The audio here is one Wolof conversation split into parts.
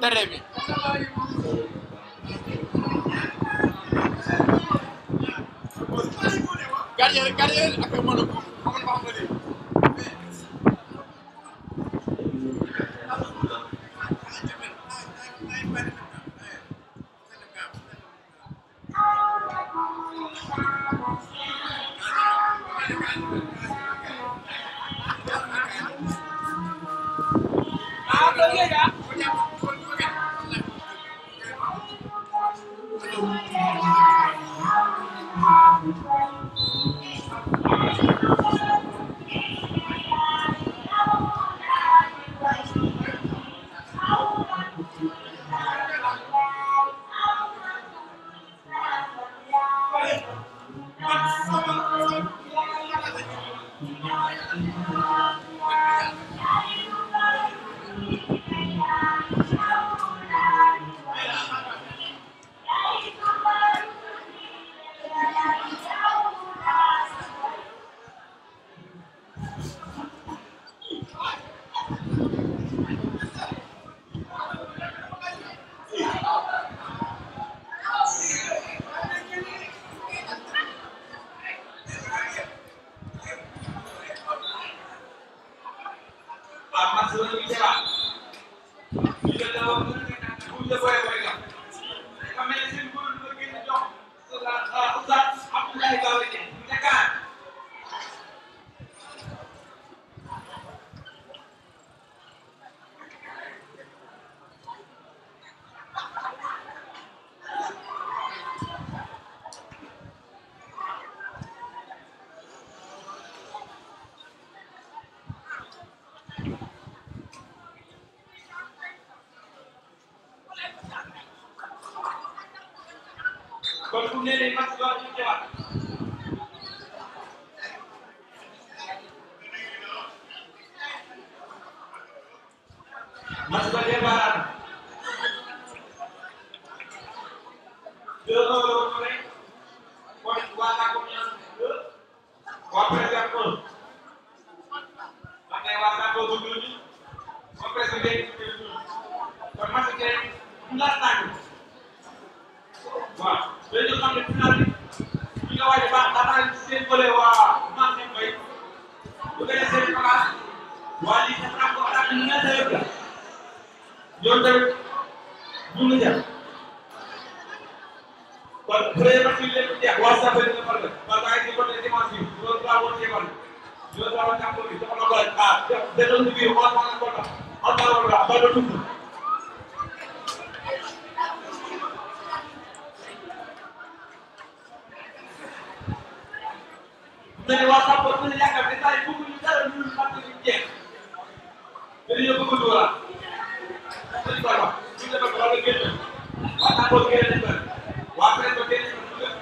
tere bi gardien gardien ak Monaco xaman ba xam nga léegi Yeah. Gracias. Abdoulaye Gawe kon bu nee nee match baa ñu ñëwaat match ba démarré deux heures rek kon waa la confiance deux waa président un man kay waa saa ko bëgg ñu ba président kon match bi rek mu laataange waaw léegi xam ne final bi ñu nga waaj a baax daanaka seen bële waa marché mbay bu gën a seen bagaas waa lii sax naa ko attaque ñu ñaata yëpp la ñoom tamit bu ñu jar kon premier match bi lépp jeex waa sax bëri na fan la parce que ay ci côté défense bi loolu laa woon jéemal loolu laa woon jàpp bi jox ah, na ko ah jox dëgg dañu wax sax ba dina yàggal ne saa yi bëgguñu dara lu dul fàtte ñu jeex dañuy bëgg duura dañu koy wax ñu defal ko wala génn waa taa boobu génn nañ ko waa presse ba génn nañ ko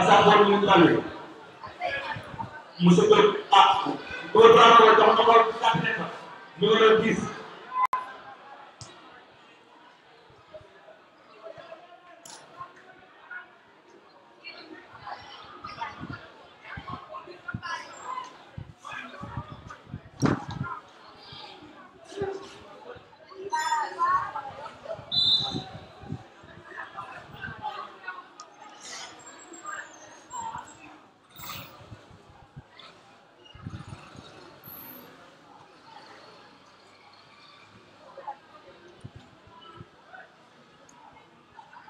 asaaf wala mu tànn monsieur Diop ah góor naa ko jox ko ko jàpp ne ko numéro 10